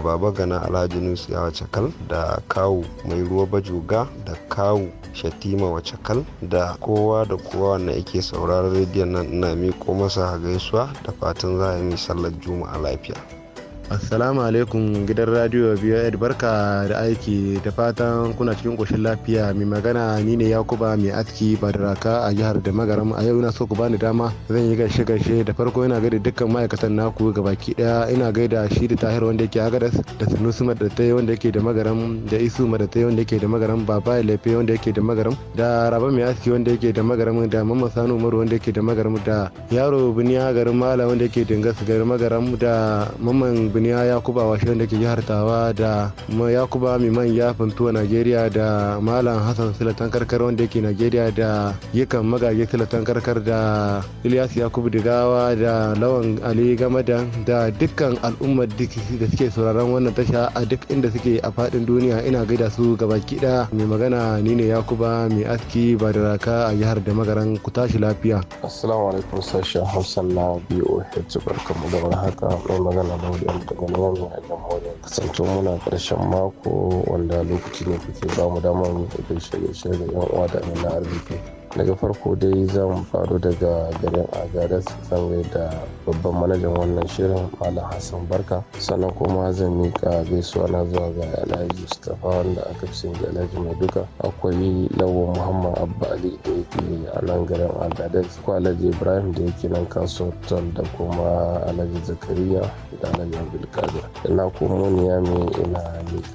baba gana alhaji nusu wa cakal da kawu mai ruwa bajuga da kawu shatima wa cakal da kowa da kowa wanda yake sauraron rediyon nan ina miko masa gaisuwa da fatan za a yi sallar juma'a lafiya assalamu alaikum gidan radio biyar barka da aiki da fatan kuna cikin ƙoshin lafiya mai magana ni ne yakuba mai aski badaraka a jihar da magaram a yau na so ku bani dama zan yi gaishe gaishe da farko ina gaida dukkan ma'aikatan naku gabaki daya ina gaida shi da tahir wanda yake agadas da sanusi madatai wanda yake da magaram da isu madatai wanda yake da magaram baba lefe wanda yake da magaram da raba mai aski wanda yake da magaram da mamman sanu umaru wanda yake da magaram da yaro biniya garin mala wanda yake dingas garin magaram da mamman ɗawainiya yakuba washe wanda ke jihar tawa da yakuba mai manja fantuwa najeriya da malam hassan silatan karkar wanda yake najeriya da yakan magage silatan karkar da ilyas yakubu digawa da lawan ali gamadan da dukkan al'ummar da suke sauraron wannan tasha a duk inda suke a faɗin duniya ina gaida su gabaki kiɗa mai magana ni ne yakuba mai aski ba da raka a jihar da magaran ku tashi lafiya assalamu alaikum sashen hausa na boh barkamu da haka mai magana da daga niyami a jamhuriyar kasance muna karshen mako wanda lokaci ne kuke ba mu dama mu gaishe gaishe da yan uwa da amina arziki daga farko dai zan faru daga garin agadas zan da babban manajan wannan shirin malam hassan barka sannan kuma zan ka gaisuwa na zuwa ga alhaji mustapha wanda aka fi da alhaji mai duka akwai lawan muhammad abba ali da yake a nan garin agadas ko alhaji ibrahim da yake nan kasuwar tal da kuma alhaji zakariya da alhaji abdulkadir ina kuma ya mai ina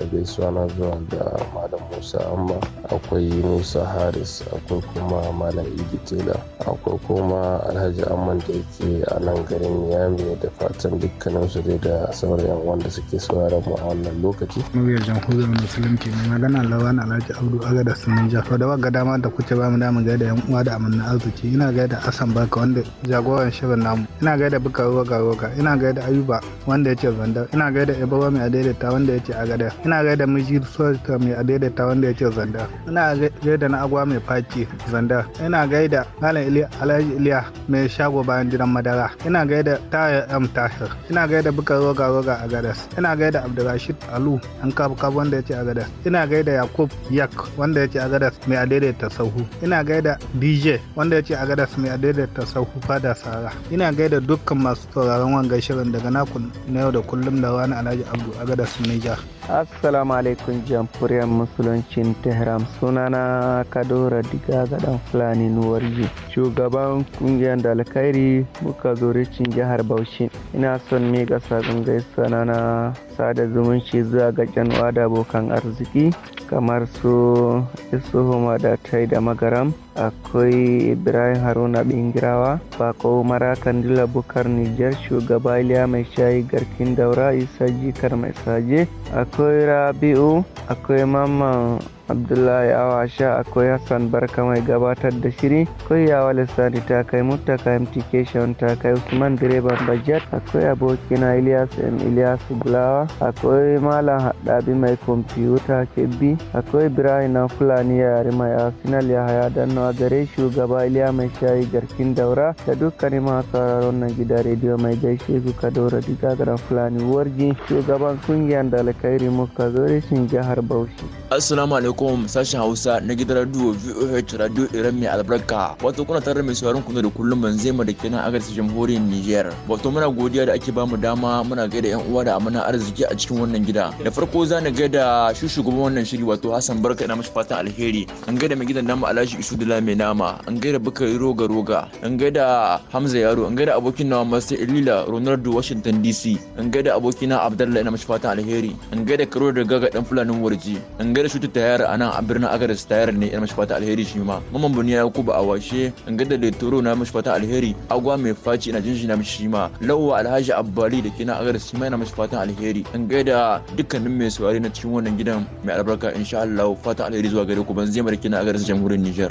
ka gaisuwa na zuwa ga malam musa amma akwai musa haris akwai kuma na malam idi tela akwai kuma alhaji amman da yake a nan garin niyami da fatan dukkanin su dai da sauran yan wanda suke sauraron mu a wannan lokaci muryar jamhuriyar musulunci mai magana lawan alhaji abdu agada sunan jafa da ga dama da kuce ba mu dama gaida yan uwa da amanna arziki ina gaida asan baka wanda jagoran shirin namu ina gaida buka roga roga ina gaida ayuba wanda yake zandar ina gaida ibrahim mai adaidaita wanda yake agada ina gaida mijir sojita mai adaidaita wanda yake zandar ina gaida na agwa mai faki zandar Ina gaida Malam Alhaji Iliya mai shago bayan gidan madara. Ina gaida Taya M Tahir. Ina gaida buka Roga Roga a Gadas. Ina gaida Abdulrashid Alu an kabu kabu wanda yake a Gadas. Ina gaida Yakub Yak wanda yake a Gadas mai adaidaita sahu. Ina gaida DJ wanda yake a Gadas mai adaidaita sahu fada sara. Ina gaida dukkan masu sauraron wangan shirin daga nakun na yau da kullum da wani Alhaji Abdu a Gadas Nijar. Assalamu alaikum jamhuriyar musuluncin Tehran sunana Kadura Diga Gadan fulani warji shugaban kungiyar dalkairi muka cin jihar bauchi ina son miƙa saƙon gaisa na sada zumunci zuwa ga kyanwa da abokan arziki kamar su isuhu da tai da magaram akwai ibrahim haruna bingirawa bako mara kandila bukar nijar shugaba iliya mai shayi garkin daura isa jikar mai saje akwai rabi'u akwai mamman abdullahi awasha akwai hassan barka mai gabatar da shiri akwai yawa lissani ta kai ka mtk ta kai usman direban bajet akwai abokina ilyas m ilyas bulawa akwai malam haddabi mai kwamfuta kebbi akwai ibrahim na fulani yare mai arsenal ya haya danno zuwa gare shugaba Iliya mai shayi garkin daura da dukkanin masu sauraron wannan gida rediyo mai gaishe ku Kadora gara Fulani Warji shugaban kungiyar da mu muka zo rashin jihar Bauchi. Assalamu alaikum sashen Hausa na gidan radio VOH radio Iran mai albarka wato kuna tare mai sauraron kuna da kullum ma da kenan a gasar jamhuriyar Niger wato muna godiya da ake bamu dama muna gaida yan uwa da amana arziki a cikin wannan gida da farko za ni gaida shi shugaban wannan shiri wato Hassan Barka ina mashi fatan alheri an gaida mai gidan namu Alhaji Isu Dala Yola mai nama an gaida Bukari Roga Roga an gaida Hamza Yaro an gaida abokin nawa Master Ilila Ronaldo Washington DC an gaida abokina Abdullahi ina mashi fatan alheri an gaida Karo da Gaga dan Fulanin Warji an gaida Shutu Tayar a nan a birnin Agadez Tayar ne ina mashi fatan alheri shi ma Maman Buniya Yakubu Awashe an gaida toro na mashi fatan alheri Agwa mai faci na jinjina mashi shi ma Lawwa Alhaji Abbali da kina Agadez shi ma ina mashi fatan alheri an gaida dukkanin mai saurari na cikin wannan gidan mai albarka insha Allah fatan alheri zuwa gare ku ban zai marki na Agadez jamhuriyar Niger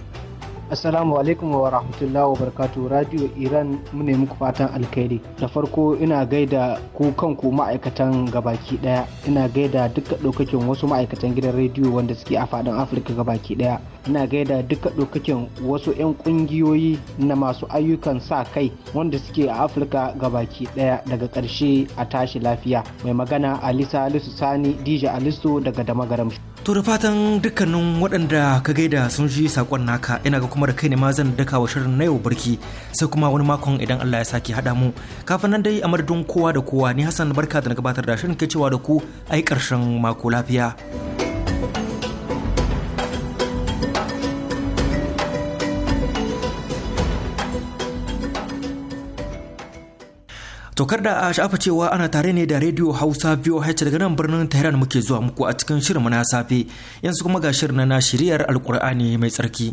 Assalamu alaikum wa rahmatullahi wa barakatuh Radio Iran mune muku fatan alkhairi. Da farko ina gaida ku kanku ma'aikatan gabaki daya. Ina gaida duka dokakin wasu ma'aikatan gidan rediyo wanda suke a fadin Afirka gabaki daya. Ina gaida duka dokakin wasu 'yan kungiyoyi na masu ayyukan sa kai wanda suke a Afirka gabaki daya daga karshe a tashi lafiya. Mai magana Alisa Alisu Sani Dija Alisu daga Damagaram. To da fatan dukkanin waɗanda ka gaida sun ji saƙon naka ina ga kuma da kai ne ma zan daka wa shirin na yau barki sai kuma wani makon idan Allah ya sake haɗa mu. Kafin nan dai a madadin kowa da kowa ni Hassan barka da na gabatar da shirin ke cewa da ku ai ƙarshen mako lafiya. Tokar da a shafa cewa ana tare ne da Radio Hausa VOH daga nan birnin Tehran muke zuwa muku a cikin shirin na safe yanzu kuma ga shirin na shiriyar Alkur'ani mai tsarki.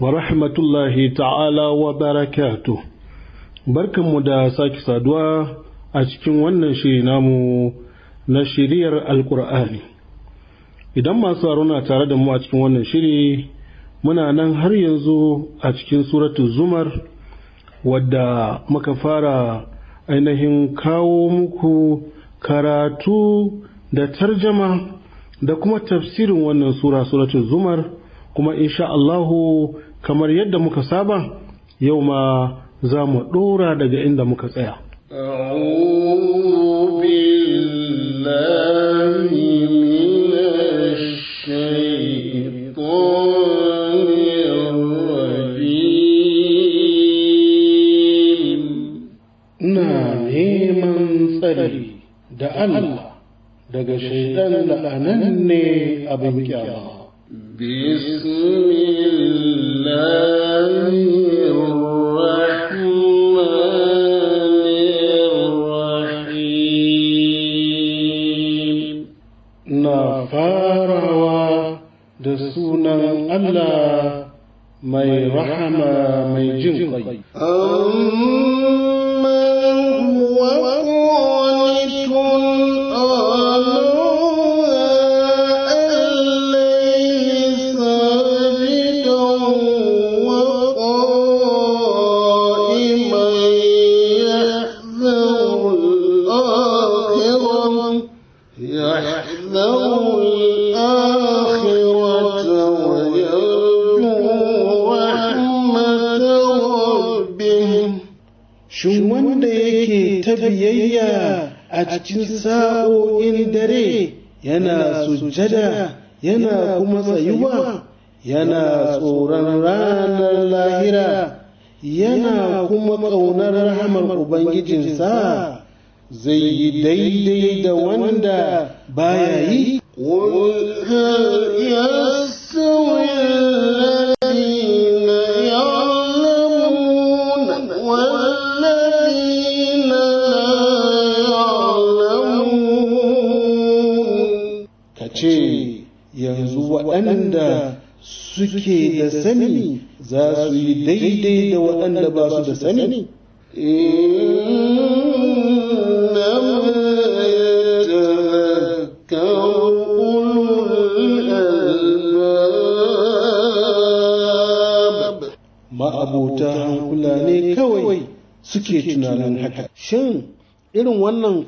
wa rahmatullahi ta'ala wa barakatuh mu da sake saduwa a cikin wannan shiri namu na shiriyar alkur'ani idan masu na tare da mu a cikin wannan shiri muna nan har yanzu a cikin suratu zumar wadda muka fara ainihin kawo muku karatu da tarjama da kuma tafsirin wannan sura suratu zumar kuma insha Allahu kamar yadda muka saba yau ma za mu ɗora daga inda muka tsaya. Ina neman tsari da Allah daga shaidan la'ananne abin kyama. بسم الله الرحمن الرحيم الله ما يرحم ما يجنقي ಯನ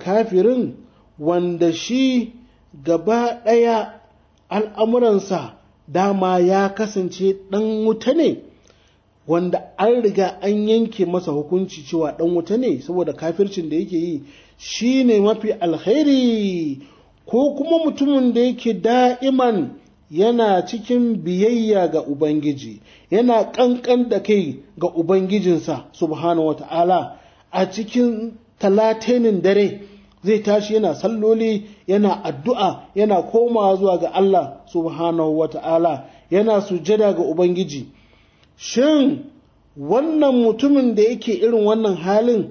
kafirin wanda shi gaba ɗaya al'amuransa dama ya kasance ɗan wuta ne wanda an riga an yanke masa hukunci cewa ɗan wuta ne saboda kafircin da yake yi shi ne mafi alkhairi ko kuma mutumin da yake da'iman yana cikin biyayya ga Ubangiji, yana ƙanƙan da kai ga Ubangijinsa, subhanahu Ta'ala a cikin talatinin dare, zai tashi yana salloli yana addu'a yana komawa zuwa ga Allah subhanahu wa ta'ala yana sujada ga Ubangiji shin wannan mutumin da yake irin wannan halin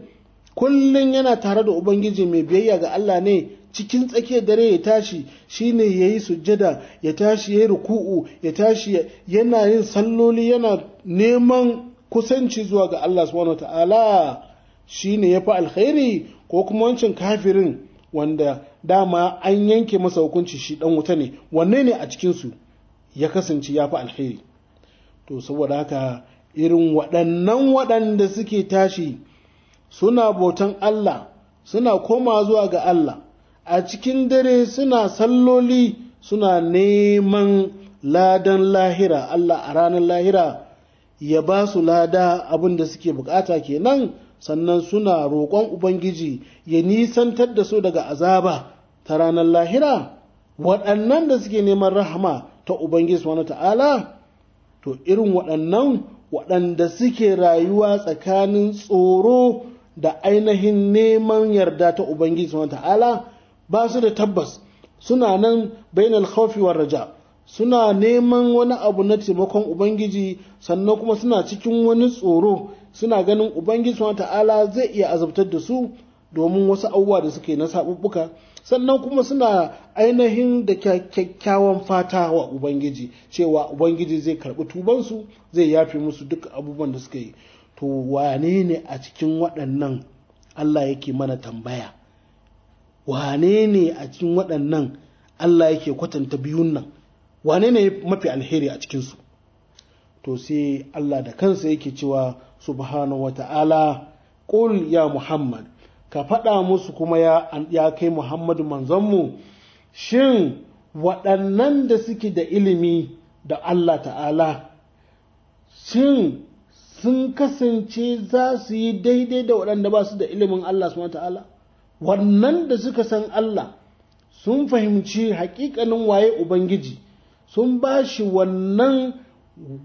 kullum yana tare da Ubangiji mai biyayya ga Allah ne cikin tsakiyar dare ya tashi shine ya yi sujada ya tashi ya yi ruku'u ya tashi yana yin salloli yana neman kusanci zuwa ga Allah subhanahu shi ne ya fi alkhairi ko kuma wancan kafirin wanda dama an yanke masa hukunci shi dan wuta ne wanne ne a cikinsu ya kasance ya fi alkhairi to saboda haka irin waɗannan waɗanda suke tashi suna bautan Allah suna koma zuwa ga Allah a cikin dare suna salloli suna neman ladan lahira Allah a ranar lahira ya ba su lada abin da suke bukata kenan sannan suna roƙon ubangiji ya nisantar da su daga azaba ta ranar lahira waɗannan da suke neman rahama ta ubangiji wani ta'ala to irin waɗannan waɗanda suke rayuwa tsakanin tsoro da ainihin neman yarda ta ubangiji wani ta'ala ba su da tabbas suna nan bainal khawfi raja suna neman wani abu na taimakon ubangiji sannan kuma suna cikin wani tsoro suna ganin ubangiji subhanahu ta'ala zai iya azabtar da su domin wasu abubuwa da suke na sabubbuka sannan kuma suna ainihin da kyakkyawan fata wa ubangiji cewa ubangiji zai karɓi tubansu zai yafi musu duk abubuwan da suka yi to wane ne a cikin waɗannan allah yake mana tambaya wane ne a cikin waɗannan allah yake kwatanta biyun nan wane ne mafi alheri a cikinsu to sai allah da kansa yake cewa subhanahu wa ta'ala ƙul ya muhammad ka faɗa musu kuma ya kai muhammadu manzonmu shin waɗannan da suke da ilimi da allah ta'ala shin sun kasance za su yi daidai da waɗanda ba su da ilimin allah subhanahu wa ta'ala wannan da suka san allah sun fahimci hakikanin waye ubangiji sun ba shi wannan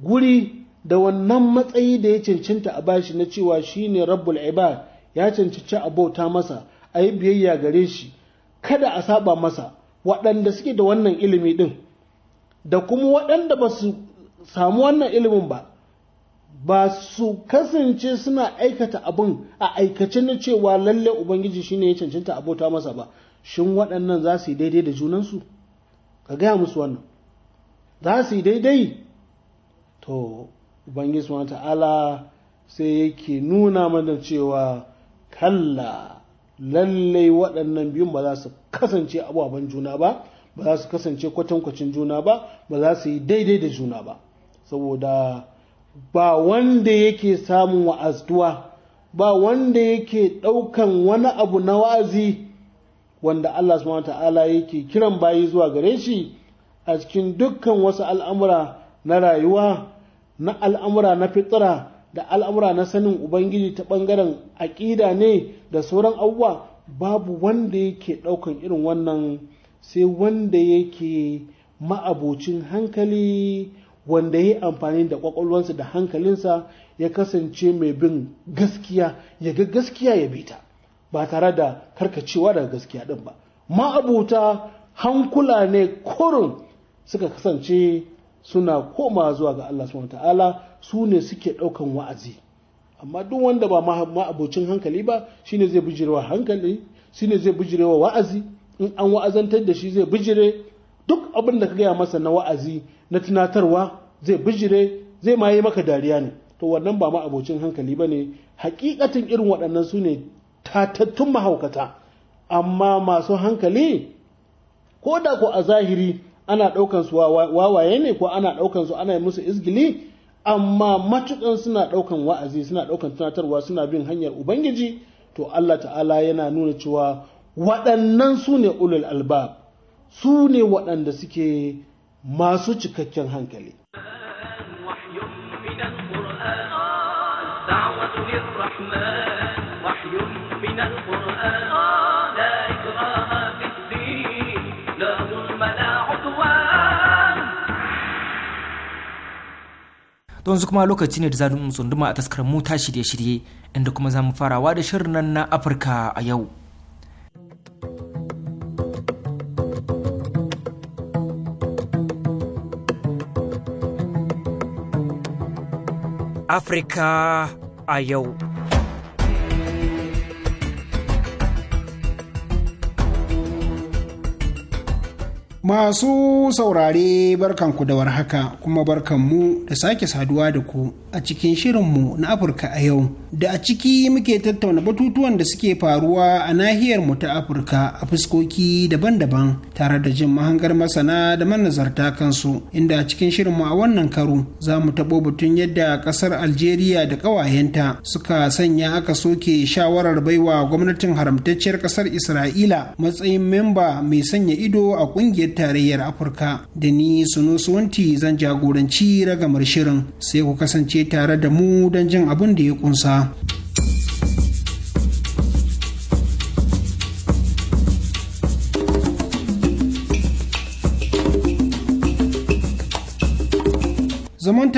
guri da wannan matsayi da ya cancanta a bashi na cewa shi ne rabbul ibad ya cancanci abota masa a yi biyayya gare shi kada a saba masa waɗanda suke da wannan ilimi ɗin da kuma waɗanda ba su samu wannan ilimin ba ba su kasance suna aikata abin a aikace na cewa lalle ubangiji shine ya cancanta abota masa ba shin waɗannan za su yi daidai da junansu ka gaya musu wannan za su yi daidai to ubangiji wa ta'ala sai yake nuna mana cewa kalla lallai waɗannan biyun ba za su kasance abubuwan juna ba ba za su kasance kwatankwacin juna ba ba za su yi daidai da juna ba saboda ba wanda yake samun wa'azduwa ba wanda yake ɗaukan wani abu na wa'azi wanda Allah subhanahu ta'ala yake kiran bayi zuwa gare shi a cikin dukkan wasu al'amura na rayuwa na al'amura na fitira da al'amura na sanin ubangiji ta ɓangaren aƙida ne da sauran abubuwa babu wanda yake ɗaukan irin wannan sai wanda yake ma'abocin hankali wanda ya amfani da ƙwaƙwalwansa da hankalinsa ya kasance mai bin gaskiya ya ga gaskiya ya bi ta ba tare da karkacewa daga gaskiya ɗin ba ma'abuta hankula ne kurun suka kasance suna koma zuwa ga Allah subhanahu ta'ala su ne suke ɗaukan wa'azi amma duk wanda ba ma'abocin hankali ba shine zai bijirewa hankali shine zai bijirewa wa'azi in an wa'azantar da shi zai bijire duk abin da ka gaya masa na wa'azi na tunatarwa zai bijire zai ma yi maka dariya ne to wannan ba abocin hankali ba ne hakikatin irin waɗannan su ne tatattun mahaukata amma masu hankali ko da ko a zahiri ana ɗaukan su wawaye ne ko ana ɗaukan su ana yi musu izgili amma matukan suna ɗaukan wa'azi suna ɗaukan tunatarwa suna bin hanyar ubangiji to Allah ta'ala yana nuna cewa waɗannan su ne ulul albab su ne waɗanda suke masu cikakken hankali من القرآن don su kuma lokaci ne da za mu tsunduma a taskar mu ta shirye-shirye inda kuma za farawa da shirin nan na afirka a yau afirka a yau Masu saurare barkan ku da warhaka kuma mu da sake saduwa da ku a cikin shirinmu na Afirka a yau. Da a ciki muke tattauna batutuwan da suke faruwa a nahiyar mu ta Afirka a fuskoki daban-daban tare da jin mahangar masana da manazarta kansu inda a cikin shirinmu a wannan karo za mu taɓo batun yadda ƙasar Algeria da ƙawayenta suka sanya aka soke shawarar baiwa gwamnatin haramtacciyar ƙasar Isra'ila matsayin memba mai sanya ido a ƙungiyar tarayyar afirka da ni suno zan jagoranci ragamar shirin sai ku kasance tare da mu don jin abin da ya kunsa.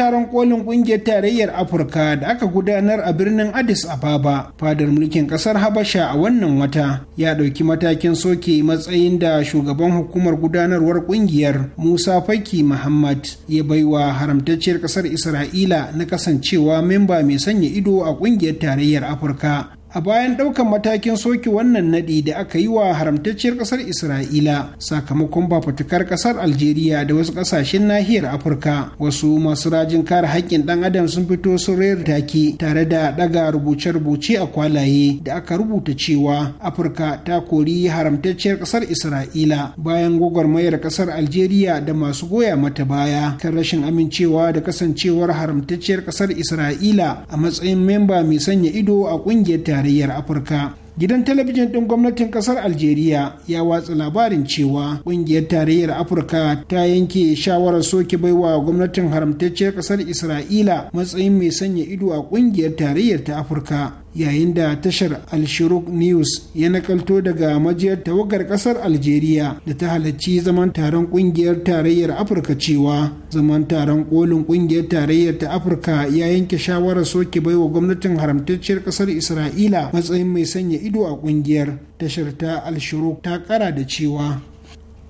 taron kolin kungiyar tarayyar afirka da aka gudanar a birnin addis ababa fadar mulkin kasar habasha a wannan wata ya ɗauki matakin soke matsayin da shugaban hukumar gudanarwar kungiyar musa faki muhammad ya baiwa haramtacciyar kasar isra'ila na kasancewa memba mai sanya ido a kungiyar tarayyar afirka a bayan ɗaukan matakin soke wannan naɗi da aka yi wa haramtacciyar ƙasar isra'ila sakamakon fitakar ƙasar algeria da wasu ƙasashen nahiyar afirka wasu masu rajin kare haƙƙin ɗan adam sun fito sun rayar take tare da ɗaga rubuce-rubuce a kwalaye da aka rubuta cewa afirka ta kori haramtacciyar ƙasar isra'ila bayan gwagwarmayar ƙasar algeria da masu goya mata baya kan rashin amincewa da kasancewar haramtacciyar ƙasar isra'ila a matsayin memba mai sanya ido a ƙungiyar tarayyar afirka gidan talabijin ɗin gwamnatin ƙasar algeria ya watsa labarin cewa ƙungiyar tarayyar afirka ta yanke shawarar soke baiwa gwamnatin haramtacciyar ƙasar isra'ila matsayin mai sanya ido a ƙungiyar tarayyar ta afirka yayin da tashar alshiruk news ya nakalto daga majiyar tawagar kasar algeria da ta halarci zaman taron kungiyar tarayyar afirka cewa zaman taron kolin kungiyar tarayyar ta afirka ya yanke shawarar soke baiwa gwamnatin haramtacciyar kasar isra'ila matsayin mai sanya ido a kungiyar tashar ta alshiruk ta kara da cewa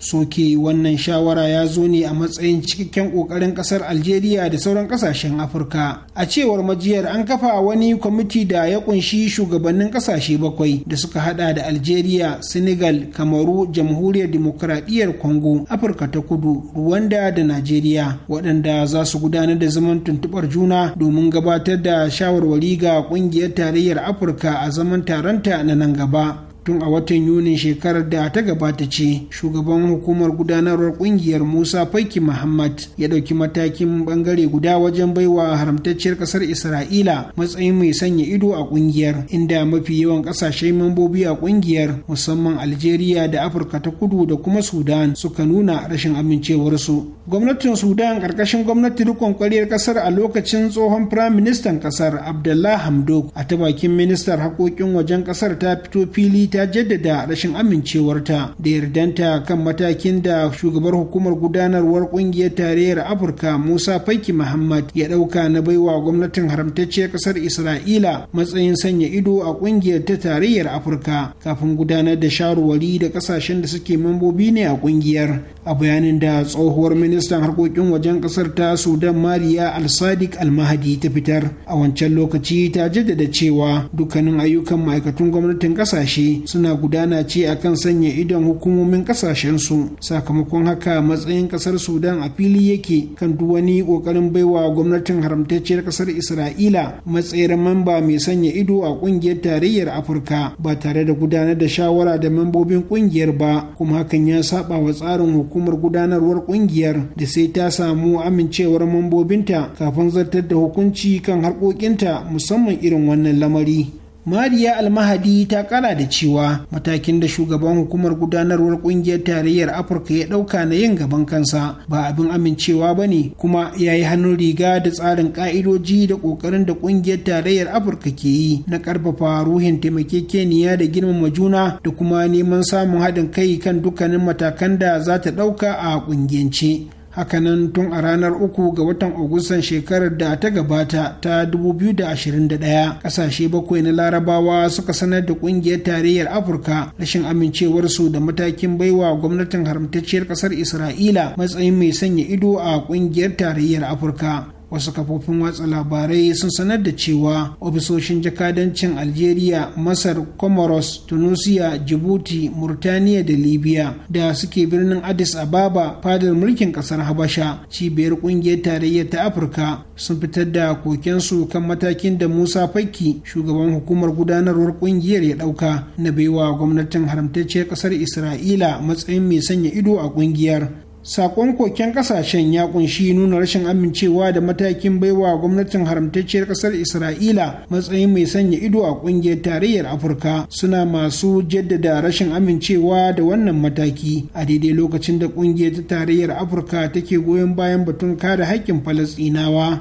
soke wannan shawara ya zo ne a matsayin cikakken kokarin kasar algeria da sauran kasashen afirka a cewar majiyar an kafa wani kwamiti da ya kunshi shugabannin kasashe bakwai da suka hada da algeria senegal kamaru jamhuriyar demokradiyyar kongo afirka ta kudu rwanda da najeriya waɗanda za su gudanar da zaman tuntuɓar juna domin gabatar da shawarwari ga ƙungiyar tarayyar afirka a zaman taronta na nan gaba tun a watan yunin shekarar da ta gabata ce shugaban hukumar gudanarwar kungiyar musa faiki muhammad ya ɗauki matakin bangare guda wajen baiwa haramtacciyar ƙasar isra'ila matsayin mai sanya ido a kungiyar inda mafi yawan ƙasashen mambobi a kungiyar musamman algeria da afirka ta kudu da kuma sudan suka nuna rashin amincewarsu gwamnatin sudan ƙarƙashin gwamnati rikon ƙwariyar ƙasar a lokacin tsohon firaministan ƙasar abdullah hamdok a ta bakin ministar haƙoƙin wajen ƙasar ta fito fili ta ta jaddada rashin amincewarta da yardanta kan matakin da shugabar hukumar gudanarwar kungiyar tarayyar afirka musa faiki muhammad ya dauka na baiwa gwamnatin haramtacciyar kasar isra'ila matsayin sanya ido a kungiyar ta tarayyar afirka kafin gudanar da shawarwari da kasashen da suke mambobi ne a kungiyar a bayanin da tsohuwar ministan harkokin wajen kasar ta sudan mariya al-sadiq al-mahadi ta fitar a wancan lokaci ta jaddada cewa dukkanin ayyukan ma'aikatun gwamnatin kasashe. suna gudana ce akan sanya idon hukumomin kasashensu sakamakon haka matsayin kasar sudan a fili yake kan duk wani kokarin baiwa gwamnatin haramtacciyar kasar isra'ila matsayar mamba mai sanya ido a kungiyar tarayyar afirka ba tare da gudanar da shawara da mambobin kungiyar ba kuma hakan ya saba wa tsarin hukumar gudanarwar kungiyar da sai ta samu amincewar mambobinta kafin zartar da hukunci kan harkokinta musamman irin wannan lamari mariya almahadi ta kara da cewa matakin da shugaban hukumar gudanarwar kungiyar tarayyar afirka ya dauka na yin gaban kansa ba abin amincewa ba ne kuma ya yi hannun riga da tsarin ka'idoji da kokarin da kungiyar tarayyar afirka ke yi na karfafa ruhin taimakekeniya da girmama juna da kuma neman samun haɗin kai kan dukkanin matakan da za ta dauka a kungiyance hakanan tun a ranar uku ga watan agustan shekarar da ta gabata ta 2021 kasashe bakwai na larabawa suka sanar da kungiyar tarayyar afirka rashin amincewarsu da matakin baiwa gwamnatin haramtacciyar kasar isra'ila matsayin mai sanya ido a kungiyar tarayyar afirka wasu kafofin watsa labarai sun sanar da cewa ofisoshin jakadancin algeria masar comoros tunisia djibouti murtaniya da libya da suke birnin addis ababa fadar mulkin kasar habasha cibiyar kungiyar tarayyar ta afirka sun fitar da kokensu kan matakin da musa fakki shugaban hukumar gudanarwar kungiyar ya dauka na baiwa gwamnatin haramtacciyar kasar isra'ila matsayin mai sanya ido a kungiyar sakon koken kasashen ya kunshi nuna rashin amincewa da matakin baiwa gwamnatin haramtacciyar kasar isra'ila matsayin mai sanya ido a kungiyar tarayyar afirka suna masu jaddada rashin amincewa da wannan mataki a daidai lokacin da kungiyar ta tarayyar afirka take goyon bayan batun kare haƙƙin falasɗinawa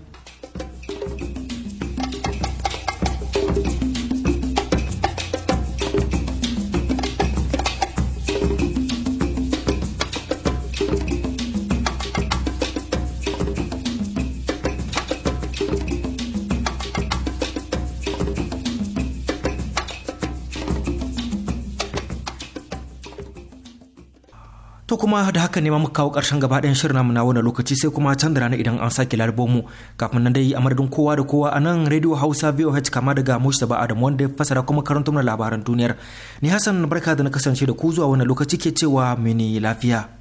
kuma da haka ne ma muka kawo ƙarshen gaba ɗayan shirin namu na wani lokaci sai kuma can da rana idan an sake larbo mu kafin nan dai a madadin kowa da kowa a nan rediyo hausa voh kama daga mushi ba adam wanda ya fasara kuma karanta mana labaran duniyar ni hassan barka da na kasance da ku zuwa wani lokaci ke cewa mini lafiya.